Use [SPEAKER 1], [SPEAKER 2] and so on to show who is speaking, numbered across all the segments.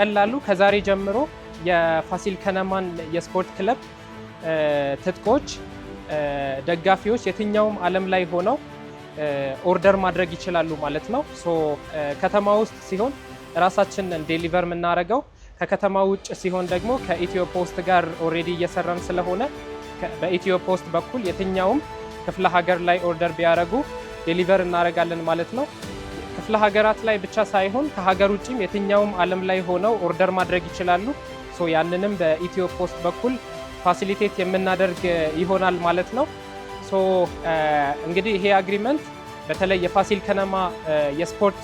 [SPEAKER 1] በቀላሉ ከዛሬ ጀምሮ የፋሲል ከነማን የስፖርት ክለብ ትጥቆች ደጋፊዎች የትኛውም ዓለም ላይ ሆነው ኦርደር ማድረግ ይችላሉ ማለት ነው። ሶ ከተማ ውስጥ ሲሆን እራሳችንን ዴሊቨር የምናደርገው ከከተማ ውጭ ሲሆን ደግሞ ከኢትዮ ፖስት ጋር ኦሬዲ እየሰራን ስለሆነ በኢትዮ ፖስት በኩል የትኛውም ክፍለ ሀገር ላይ ኦርደር ቢያደርጉ ዴሊቨር እናደርጋለን ማለት ነው። ክፍለ ሀገራት ላይ ብቻ ሳይሆን ከሀገር ውጭም የትኛውም ዓለም ላይ ሆነው ኦርደር ማድረግ ይችላሉ። ሶ ያንንም በኢትዮ ፖስት በኩል ፋሲሊቴት የምናደርግ ይሆናል ማለት ነው። ሶ እንግዲህ ይሄ አግሪመንት በተለይ የፋሲል ከነማ የስፖርት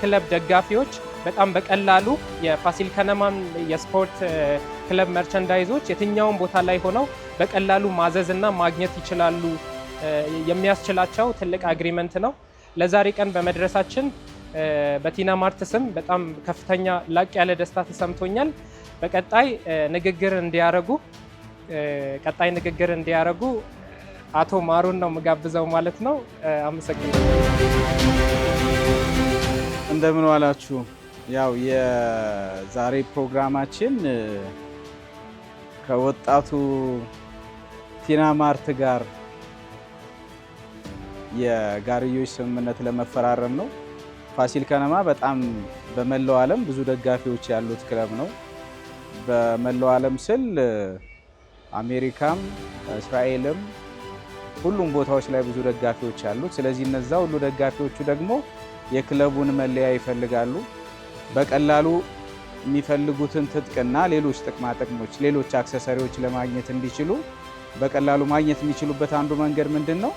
[SPEAKER 1] ክለብ ደጋፊዎች በጣም በቀላሉ የፋሲል ከነማን የስፖርት ክለብ መርቸንዳይዞች የትኛውም ቦታ ላይ ሆነው በቀላሉ ማዘዝ እና ማግኘት ይችላሉ የሚያስችላቸው ትልቅ አግሪመንት ነው። ለዛሬ ቀን በመድረሳችን በቲና ማርት ስም በጣም ከፍተኛ ላቅ ያለ ደስታ ተሰምቶኛል። በቀጣይ ንግግር እንዲያረጉ ቀጣይ ንግግር እንዲያረጉ አቶ ማሩን ነው የምጋብዘው ማለት ነው። አመሰግናለሁ።
[SPEAKER 2] እንደምን ዋላችሁ። ያው የዛሬ ፕሮግራማችን ከወጣቱ ቲና ማርት ጋር የጋርዮች ስምምነት ለመፈራረም ነው። ፋሲል ከነማ በጣም በመላው ዓለም ብዙ ደጋፊዎች ያሉት ክለብ ነው። በመላው ዓለም ስል አሜሪካም፣ እስራኤልም ሁሉም ቦታዎች ላይ ብዙ ደጋፊዎች አሉት። ስለዚህ እነዛ ሁሉ ደጋፊዎቹ ደግሞ የክለቡን መለያ ይፈልጋሉ። በቀላሉ የሚፈልጉትን ትጥቅና ሌሎች ጥቅማ ጥቅሞች፣ ሌሎች አክሰሰሪዎች ለማግኘት እንዲችሉ በቀላሉ ማግኘት የሚችሉበት አንዱ መንገድ ምንድን ነው?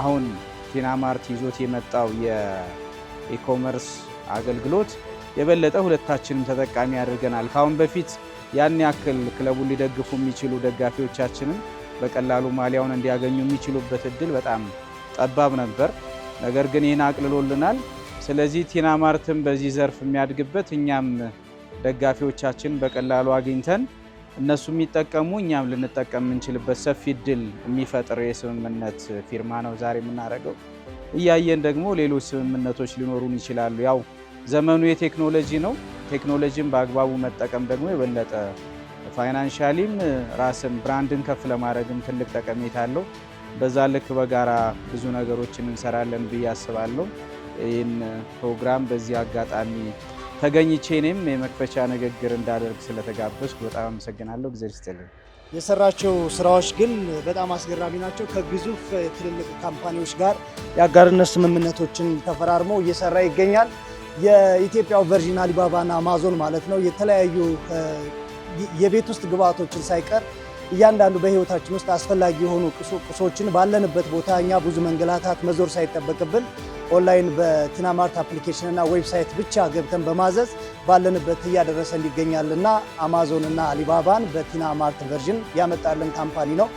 [SPEAKER 2] አሁን ቲናማርት ይዞት የመጣው የኢኮመርስ አገልግሎት የበለጠ ሁለታችንም ተጠቃሚ ያደርገናል። ከአሁን በፊት ያን ያክል ክለቡን ሊደግፉ የሚችሉ ደጋፊዎቻችንም በቀላሉ ማሊያውን እንዲያገኙ የሚችሉበት እድል በጣም ጠባብ ነበር። ነገር ግን ይህን አቅልሎልናል። ስለዚህ ቲናማርትን በዚህ ዘርፍ የሚያድግበት እኛም ደጋፊዎቻችን በቀላሉ አግኝተን እነሱ የሚጠቀሙ እኛም ልንጠቀም የምንችልበት ሰፊ እድል የሚፈጥር የስምምነት ፊርማ ነው ዛሬ የምናደርገው። እያየን ደግሞ ሌሎች ስምምነቶች ሊኖሩን ይችላሉ። ያው ዘመኑ የቴክኖሎጂ ነው። ቴክኖሎጂን በአግባቡ መጠቀም ደግሞ የበለጠ ፋይናንሻሊም ራስን ብራንድን ከፍ ለማድረግም ትልቅ ጠቀሜታ አለው። በዛ ልክ በጋራ ብዙ ነገሮችን እንሰራለን ብዬ አስባለሁ። ይህን ፕሮግራም በዚህ አጋጣሚ ተገኝቼ እኔም የመክፈቻ ንግግር እንዳደርግ ስለተጋበዝኩ በጣም አመሰግናለሁ። ጊዜ ይስጥልኝ።
[SPEAKER 3] የሰራቸው ስራዎች ግን በጣም አስገራሚ ናቸው። ከግዙፍ ትልልቅ ካምፓኒዎች ጋር የአጋርነት ስምምነቶችን ተፈራርሞ እየሰራ ይገኛል። የኢትዮጵያው ቨርዥን አሊባባና አማዞን ማለት ነው። የተለያዩ የቤት ውስጥ ግብአቶችን ሳይቀር እያንዳንዱ በህይወታችን ውስጥ አስፈላጊ የሆኑ ቁሶችን ባለንበት ቦታ እኛ ብዙ መንገላታት መዞር ሳይጠበቅብን ኦንላይን በቲና ማርት አፕሊኬሽንና ዌብሳይት ብቻ ገብተን በማዘዝ ባለንበት እያደረሰን ይገኛልና አማዞንና አሊባባን በቲና ቨርዥን ያመጣልን ካምፓኒ ነው።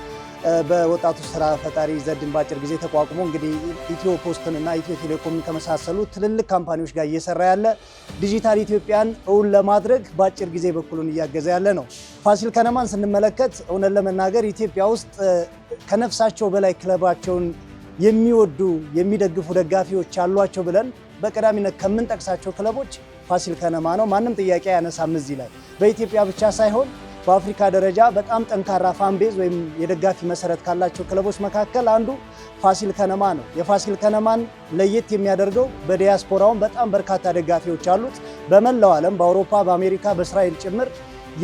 [SPEAKER 3] በወጣቱ ስራ ፈጣሪ ዘድን በአጭር ጊዜ ተቋቁሞ እንግዲህ ኢትዮ ፖስትን እና ኢትዮ ቴሌኮምን ከመሳሰሉ ትልልቅ ካምፓኒዎች ጋር እየሰራ ያለ ዲጂታል ኢትዮጵያን እውን ለማድረግ በአጭር ጊዜ በኩሉን እያገዘ ያለ ነው። ፋሲል ከነማን ስንመለከት እውነት ለመናገር ኢትዮጵያ ውስጥ ከነፍሳቸው በላይ ክለባቸውን የሚወዱ የሚደግፉ ደጋፊዎች አሏቸው ብለን በቀዳሚነት ከምንጠቅሳቸው ክለቦች ፋሲል ከነማ ነው። ማንም ጥያቄ አያነሳም እዚህ ላይ በኢትዮጵያ ብቻ ሳይሆን በአፍሪካ ደረጃ በጣም ጠንካራ ፋንቤዝ ወይም የደጋፊ መሰረት ካላቸው ክለቦች መካከል አንዱ ፋሲል ከነማ ነው። የፋሲል ከነማን ለየት የሚያደርገው በዲያስፖራውን በጣም በርካታ ደጋፊዎች አሉት። በመላው ዓለም በአውሮፓ፣ በአሜሪካ፣ በእስራኤል ጭምር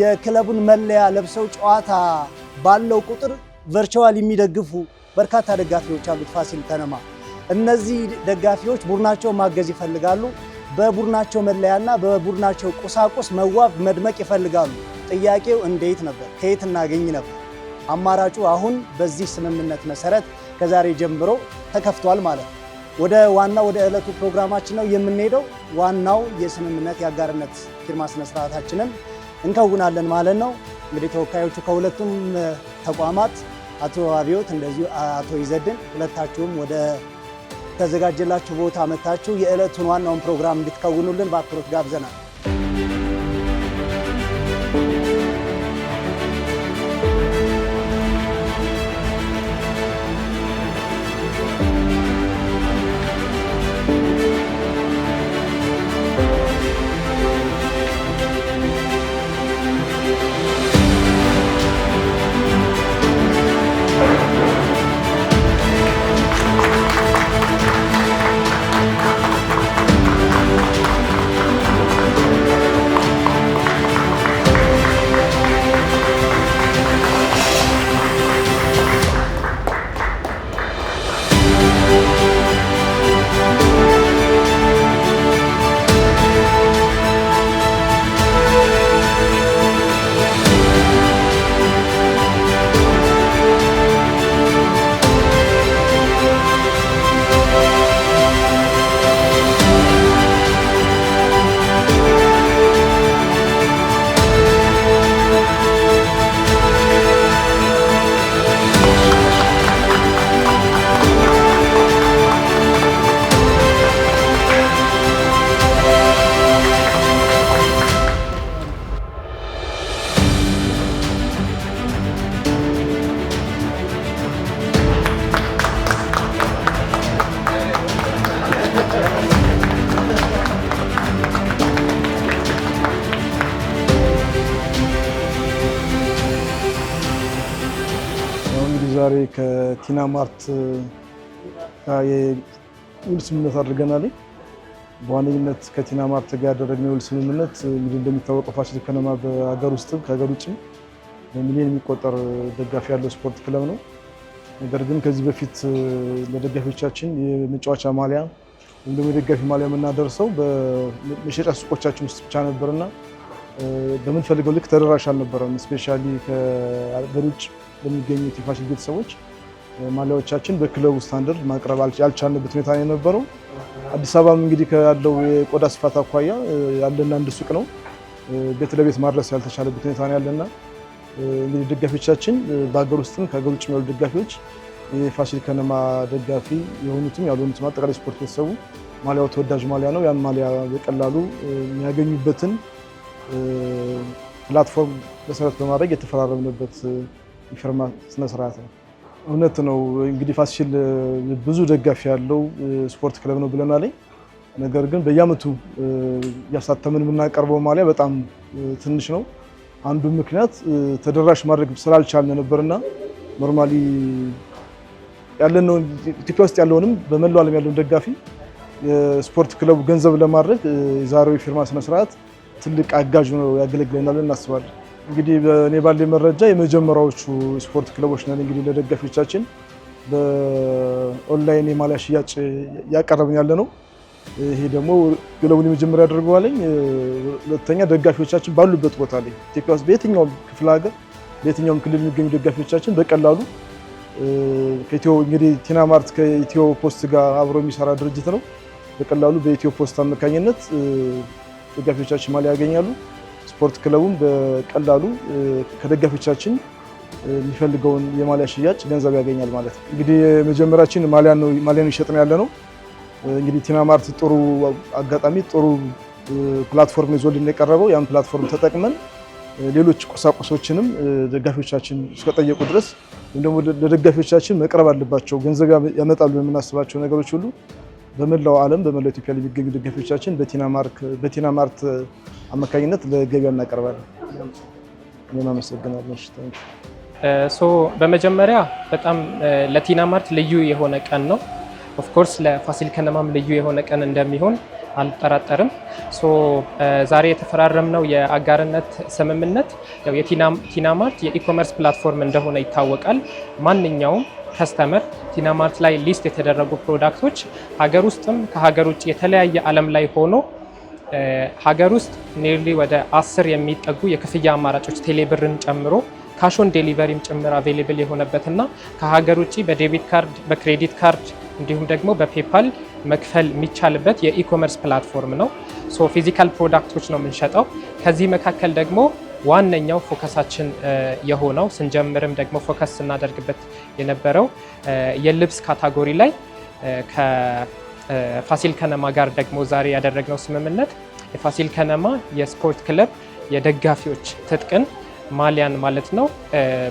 [SPEAKER 3] የክለቡን መለያ ለብሰው ጨዋታ ባለው ቁጥር ቨርቹዋል የሚደግፉ በርካታ ደጋፊዎች አሉት ፋሲል ከነማ። እነዚህ ደጋፊዎች ቡድናቸውን ማገዝ ይፈልጋሉ። በቡድናቸው መለያና በቡድናቸው ቁሳቁስ መዋብ መድመቅ ይፈልጋሉ። ጥያቄው እንዴት ነበር? ከየት እናገኝ ነበር? አማራጩ አሁን በዚህ ስምምነት መሰረት ከዛሬ ጀምሮ ተከፍቷል ማለት ነው። ወደ ዋናው ወደ ዕለቱ ፕሮግራማችን ነው የምንሄደው። ዋናው የስምምነት የአጋርነት ፊርማ ስነስርዓታችንን እንከውናለን ማለት ነው። እንግዲህ ተወካዮቹ ከሁለቱም ተቋማት አቶ አብዮት እንደዚሁ አቶ ይዘድን ሁለታችሁም ወደ ተዘጋጀላችሁ ቦታ መታችሁ የዕለቱን ዋናውን ፕሮግራም እንድትከውኑልን በአክብሮት ጋብዘናል።
[SPEAKER 4] ከቲና ማርት የውል ስምምነት አድርገናል። በዋነኝነት ከቲና ማርት ጋር ያደረግነው የውል ስምምነት እንግዲህ እንደሚታወቀው ፋሲል ከነማ በሀገር ውስጥም ከሀገር ውጭም በሚሊዮን የሚቆጠር ደጋፊ ያለው ስፖርት ክለብ ነው። ነገር ግን ከዚህ በፊት ለደጋፊዎቻችን የመጫወቻ ማሊያ ወይም ደግሞ የደጋፊ ማሊያ የምናደርሰው በመሸጫ ሱቆቻችን ውስጥ ብቻ ነበርና በምንፈልገው ልክ ተደራሽ አልነበረም። እስፔሻሊ ከሀገር ውጭ ለሚገኙት የፋሲል ቤተሰቦች ማሊያዎቻችን በክለቡ ስታንደርድ ማቅረብ ያልቻልንበት ሁኔታ ነው የነበረው። አዲስ አበባም እንግዲህ ያለው የቆዳ ስፋት አኳያ ያለና አንድ ሱቅ ነው፣ ቤት ለቤት ማድረስ ያልተቻለበት ሁኔታ ነው ያለና እንግዲህ ደጋፊዎቻችን በሀገር ውስጥም ከሀገር ውጭ ያሉ ደጋፊዎች የፋሲል ከነማ ደጋፊ የሆኑትም ያልሆኑትም አጠቃላይ ስፖርት ቤተሰቡ ማሊያው ተወዳጅ ማሊያ ነው። ያን ማሊያ በቀላሉ የሚያገኙበትን ፕላትፎርም መሰረት በማድረግ የተፈራረምንበት የፊርማ ስነስርዓት ነው። እውነት ነው እንግዲህ ፋሲል ብዙ ደጋፊ ያለው ስፖርት ክለብ ነው አለኝ። ነገር ግን በየአመቱ እያሳተምን የምናቀርበው ማሊያ በጣም ትንሽ ነው። አንዱ ምክንያት ተደራሽ ማድረግ ስላልቻልን ነበርና ኖርማሊ ያለነው ኢትዮጵያ ውስጥ ያለውንም በመላው ዓለም ያለውን ደጋፊ የስፖርት ክለቡ ገንዘብ ለማድረግ የዛሬው የፊርማ ስነስርዓት ትልቅ አጋዥ ነው ያገለግለናል እናስባለን። እንግዲህ እኔ ባለ መረጃ የመጀመሪያዎቹ ስፖርት ክለቦች ነን። እንግዲህ ለደጋፊዎቻችን በኦንላይን የማሊያ ሽያጭ ያቀረብን ያለ ነው። ይሄ ደግሞ ክለቡን የመጀመሪያ ያደርገዋለኝ። ሁለተኛ ደጋፊዎቻችን ባሉበት ቦታ ላይ ኢትዮጵያ ውስጥ በየትኛውም ክፍለ ሀገር፣ በየትኛውም ክልል የሚገኙ ደጋፊዎቻችን በቀላሉ ከኢትዮ እንግዲህ ቲና ማርት ከኢትዮ ፖስት ጋር አብሮ የሚሰራ ድርጅት ነው። በቀላሉ በኢትዮ ፖስት አማካኝነት ደጋፊዎቻችን ማሊያ ያገኛሉ። ስፖርት ክለቡም በቀላሉ ከደጋፊዎቻችን የሚፈልገውን የማሊያ ሽያጭ ገንዘብ ያገኛል ማለት ነው። እንግዲህ የመጀመሪያችን ማሊያን ይሸጥ ነው ያለ ነው። እንግዲህ ቲና ማርት ጥሩ አጋጣሚ ጥሩ ፕላትፎርም ይዞልን የቀረበው ያን ፕላትፎርም ተጠቅመን ሌሎች ቁሳቁሶችንም ደጋፊዎቻችን እስከጠየቁ ድረስ ወይም ደግሞ ለደጋፊዎቻችን መቅረብ አለባቸው ገንዘብ ያመጣሉ የምናስባቸው ነገሮች ሁሉ በመላው ዓለም በመላው ኢትዮጵያ የሚገኙ ደጋፊዎቻችን በቲና ማርት አማካኝነት ለገበያ እናቀርባለን። አመሰግናለሁ።
[SPEAKER 1] ሶ በመጀመሪያ በጣም ለቲና ማርት ልዩ የሆነ ቀን ነው። ኦፍኮርስ ለፋሲል ከነማም ልዩ የሆነ ቀን እንደሚሆን አንጠራጠርም። ዛሬ የተፈራረምነው የአጋርነት ስምምነት የቲናማርት የኢኮመርስ ፕላትፎርም እንደሆነ ይታወቃል። ማንኛውም ከስተመር ቲናማርት ላይ ሊስት የተደረጉ ፕሮዳክቶች ሀገር ውስጥም ከሀገር ውጭ የተለያየ ዓለም ላይ ሆኖ ሀገር ውስጥ ኔርሊ ወደ አስር የሚጠጉ የክፍያ አማራጮች ቴሌብርን ጨምሮ ካሾን ዴሊቨሪም ጭምር አቬሌብል የሆነበትና ከሀገር ውጭ በዴቢት ካርድ በክሬዲት ካርድ እንዲሁም ደግሞ በፔፓል መክፈል የሚቻልበት የኢኮመርስ ፕላትፎርም ነው። ሶ ፊዚካል ፕሮዳክቶች ነው የምንሸጠው። ከዚህ መካከል ደግሞ ዋነኛው ፎከሳችን የሆነው ስንጀምርም ደግሞ ፎከስ ስናደርግበት የነበረው የልብስ ካታጎሪ ላይ ከፋሲል ከነማ ጋር ደግሞ ዛሬ ያደረግነው ስምምነት የፋሲል ከነማ የስፖርት ክለብ የደጋፊዎች ትጥቅን ማሊያን ማለት ነው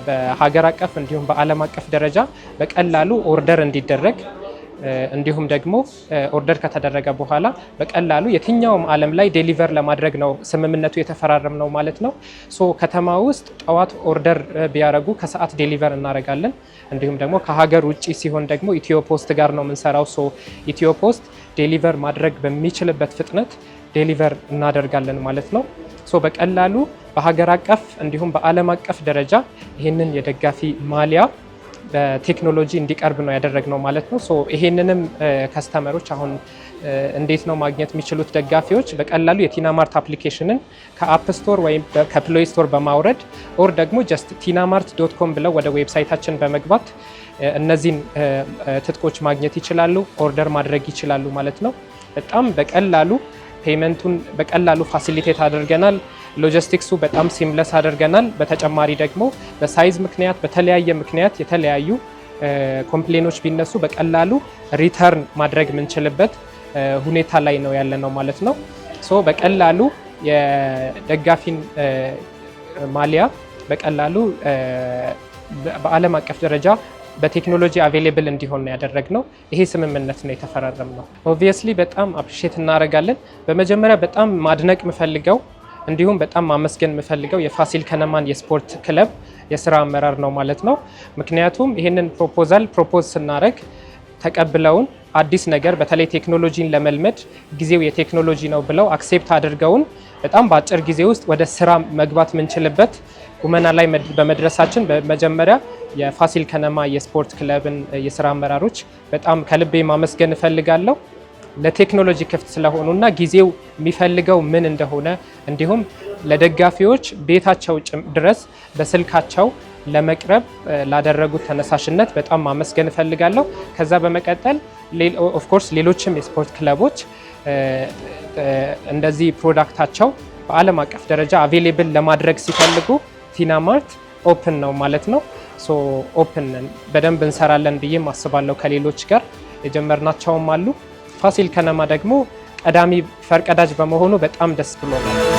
[SPEAKER 1] በሀገር አቀፍ እንዲሁም በዓለም አቀፍ ደረጃ በቀላሉ ኦርደር እንዲደረግ እንዲሁም ደግሞ ኦርደር ከተደረገ በኋላ በቀላሉ የትኛውም ዓለም ላይ ዴሊቨር ለማድረግ ነው ስምምነቱ የተፈራረም ነው ማለት ነው። ሶ ከተማ ውስጥ ጠዋት ኦርደር ቢያደረጉ ከሰዓት ዴሊቨር እናደርጋለን። እንዲሁም ደግሞ ከሀገር ውጭ ሲሆን ደግሞ ኢትዮፖስት ጋር ነው የምንሰራው። ሶ ኢትዮፖስት ዴሊቨር ማድረግ በሚችልበት ፍጥነት ዴሊቨር እናደርጋለን ማለት ነው። ሶ በቀላሉ በሀገር አቀፍ እንዲሁም በዓለም አቀፍ ደረጃ ይህንን የደጋፊ ማሊያ በቴክኖሎጂ እንዲቀርብ ነው ያደረግነው ማለት ነው። ሶ ይሄንንም ከስተመሮች አሁን እንዴት ነው ማግኘት የሚችሉት? ደጋፊዎች በቀላሉ የቲናማርት አፕሊኬሽንን ከአፕ ስቶር ወይም ከፕሌይ ስቶር በማውረድ ኦር ደግሞ ጀስት ቲናማርት ዶት ኮም ብለው ወደ ዌብሳይታችን በመግባት እነዚህን ትጥቆች ማግኘት ይችላሉ፣ ኦርደር ማድረግ ይችላሉ ማለት ነው። በጣም በቀላሉ ፔመንቱን በቀላሉ ፋሲሊቴት አድርገናል። ሎጂስቲክሱ በጣም ሲምለስ አድርገናል። በተጨማሪ ደግሞ በሳይዝ ምክንያት በተለያየ ምክንያት የተለያዩ ኮምፕሌኖች ቢነሱ በቀላሉ ሪተርን ማድረግ የምንችልበት ሁኔታ ላይ ነው ያለነው ማለት ነው። ሶ በቀላሉ የደጋፊን ማሊያ በቀላሉ በዓለም አቀፍ ደረጃ በቴክኖሎጂ አቬሌብል እንዲሆን ነው ያደረግነው። ይሄ ስምምነት ነው የተፈራረም ነው። ኦብቪየስሊ በጣም አፕሪሼት እናደርጋለን። በመጀመሪያ በጣም ማድነቅ የምፈልገው እንዲሁም በጣም ማመስገን የምፈልገው የፋሲል ከነማን የስፖርት ክለብ የስራ አመራር ነው ማለት ነው። ምክንያቱም ይህንን ፕሮፖዛል ፕሮፖዝ ስናደርግ ተቀብለውን አዲስ ነገር በተለይ ቴክኖሎጂን ለመልመድ ጊዜው የቴክኖሎጂ ነው ብለው አክሴፕት አድርገውን በጣም በአጭር ጊዜ ውስጥ ወደ ስራ መግባት የምንችልበት ቁመና ላይ በመድረሳችን በመጀመሪያ የፋሲል ከነማ የስፖርት ክለብን የስራ አመራሮች በጣም ከልቤ ማመስገን እፈልጋለሁ። ለቴክኖሎጂ ክፍት ስለሆኑና ጊዜው የሚፈልገው ምን እንደሆነ እንዲሁም ለደጋፊዎች ቤታቸው ድረስ በስልካቸው ለመቅረብ ላደረጉት ተነሳሽነት በጣም ማመስገን እፈልጋለሁ። ከዛ በመቀጠል ኦፍኮርስ ሌሎችም የስፖርት ክለቦች እንደዚህ ፕሮዳክታቸው በዓለም አቀፍ ደረጃ አቬሌብል ለማድረግ ሲፈልጉ ቲና ማርት ኦፕን ነው ማለት ነው። ሶ ኦፕን በደንብ እንሰራለን ብዬም አስባለሁ። ከሌሎች ጋር የጀመርናቸውም አሉ። ፋሲል ከነማ ደግሞ ቀዳሚ ፈርቀዳጅ በመሆኑ በጣም ደስ ብሎናል።